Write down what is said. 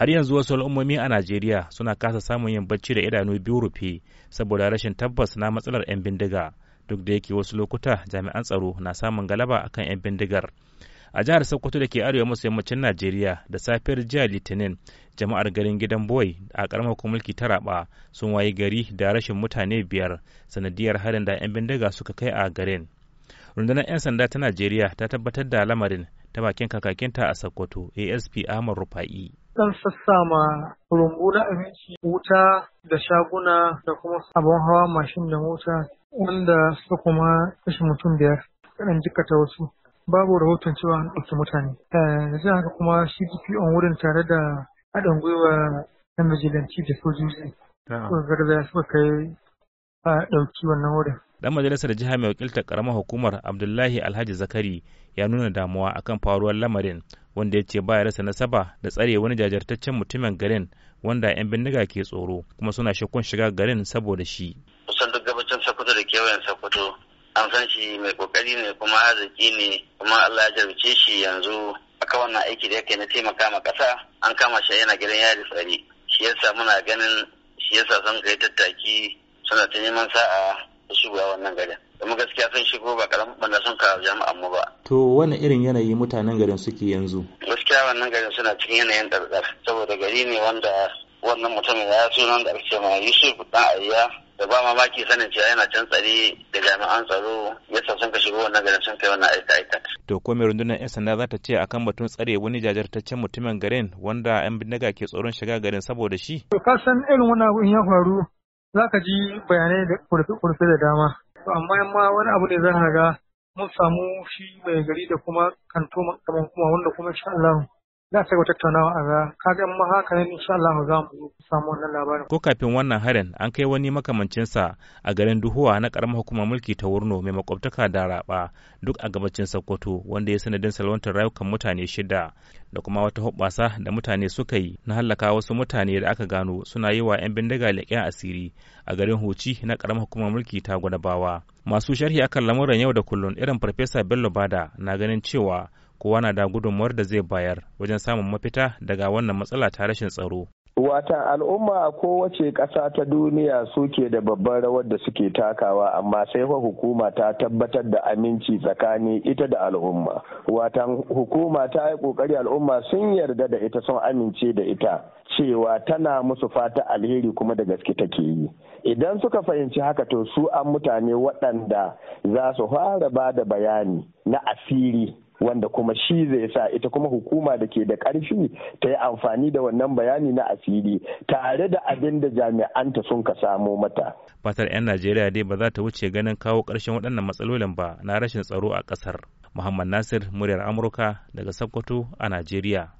har yanzu wasu al'ummomi a najeriya suna kasa samun yin bacci da idanu biyu rufe saboda rashin tabbas na matsalar 'yan bindiga duk da yake wasu lokuta jami'an tsaro na samun galaba akan 'yan bindigar a jihar sokoto da ke arewa maso yammacin najeriya da safiyar jiya litinin jama'ar garin gidan boy a karamar mulki ta raba sun wayi gari da rashin mutane biyar sanadiyar harin da 'yan bindiga suka kai a garin rundunar 'yan sanda ta najeriya ta tabbatar da lamarin ta bakin kakakinta a Sokoto ASP Ahmad Rufa'i. Dan sassama rumbu na abinci wuta da shaguna da kuma sabon hawa mashin da mota wanda su kuma kashe mutum biyar kaɗan jikata wasu babu rahoton cewa an ɗauki mutane. Da eh, haka kuma shi on wurin tare da haɗin gwiwa na majalanci da sojoji. kuma garza suka kai a ɗauki wannan wurin. dan majalisar jiha mai wakiltar karamar hukumar abdullahi alhaji zakari ya nuna damuwa akan faruwar lamarin wanda ya ce ba ya rasa nasaba da tsare wani jajirtaccen mutumin garin wanda 'yan bindiga ke tsoro kuma suna shakkun shiga garin saboda shi kusan duk gabacin sokoto da kewayen sokoto an san shi mai kokari ne kuma arziki ne kuma allah ya jarbice shi yanzu aka wannan aiki da yake na taimaka ma kasa an kama shi yana gidan yari tsari shi yasa muna ganin shi yasa sun kai tattaki suna ta neman sa'a da shiga wannan garin kuma gaskiya sun shigo ba karamin banda sun kawo jama'an mu ba to wani irin yanayi mutanen garin suke yanzu gaskiya wannan garin suna cikin yanayin ɗarɗar saboda gari ne wanda wannan mutumin ya sunan da ake ma yusuf dan ayya da ba mamaki sanin cewa yana can tsare da jami'an tsaro yasa sun ka shigo wannan garin sun kai wannan aika aika to ko mai rundunar yan sanda za ta ce akan batun tsare wani jajirtaccen mutumin garin wanda yan bindiga ke tsoron shiga garin saboda shi to ka san irin wannan abin ya faru za ka ji bayanai da kurfe da dama to amma yamma wani abu ne zan haga mun samu shi mai gari da kuma kanto kamar kuma wanda kuma shi Allah sai wata tattaunawa a za ka ga ma haka ne insha Allah za mu samu wannan labarin ko kafin wannan harin an kai wani makamancin sa a garin Duhuwa na karamar hukumar mulki ta Wurno mai makwabtaka da Raba duk a gabacin Sokoto wanda ya sanadin salwantar rayukan mutane shida da kuma wata hubbasa da mutane suka yi na hallaka wasu mutane da aka gano suna yi wa 'yan bindiga leƙen asiri a garin Hoci na karamar hukumar mulki ta Gwadabawa masu sharhi akan lamuran yau da kullun irin Farfesa Bello Bada na ganin cewa kowa na da gudunmuwar da zai bayar wajen samun mafita daga wannan matsala ta rashin tsaro. Watan al'umma a kowace ƙasa ta duniya suke da babban rawar da suke takawa amma sai fa hukuma ta tabbatar da aminci tsakanin ita da al'umma. Watan hukuma ta yi ƙoƙari al'umma sun yarda da ita sun amince da ita cewa tana musu fata alheri kuma da gaske take yi. Idan suka fahimci haka to su an mutane waɗanda za su fara ba da bayani na asiri wanda kuma shi zai sa ita kuma hukuma da ke da ƙarfi ta yi amfani da wannan bayani na asiri tare da abin da jami'anta sun ka samo mata. Fatar 'yan Najeriya dai ba za ta wuce ganin kawo ƙarshen waɗannan matsalolin ba na rashin tsaro a ƙasar. Muhammad Nasir, muryar Amurka daga Sokoto a Najeriya.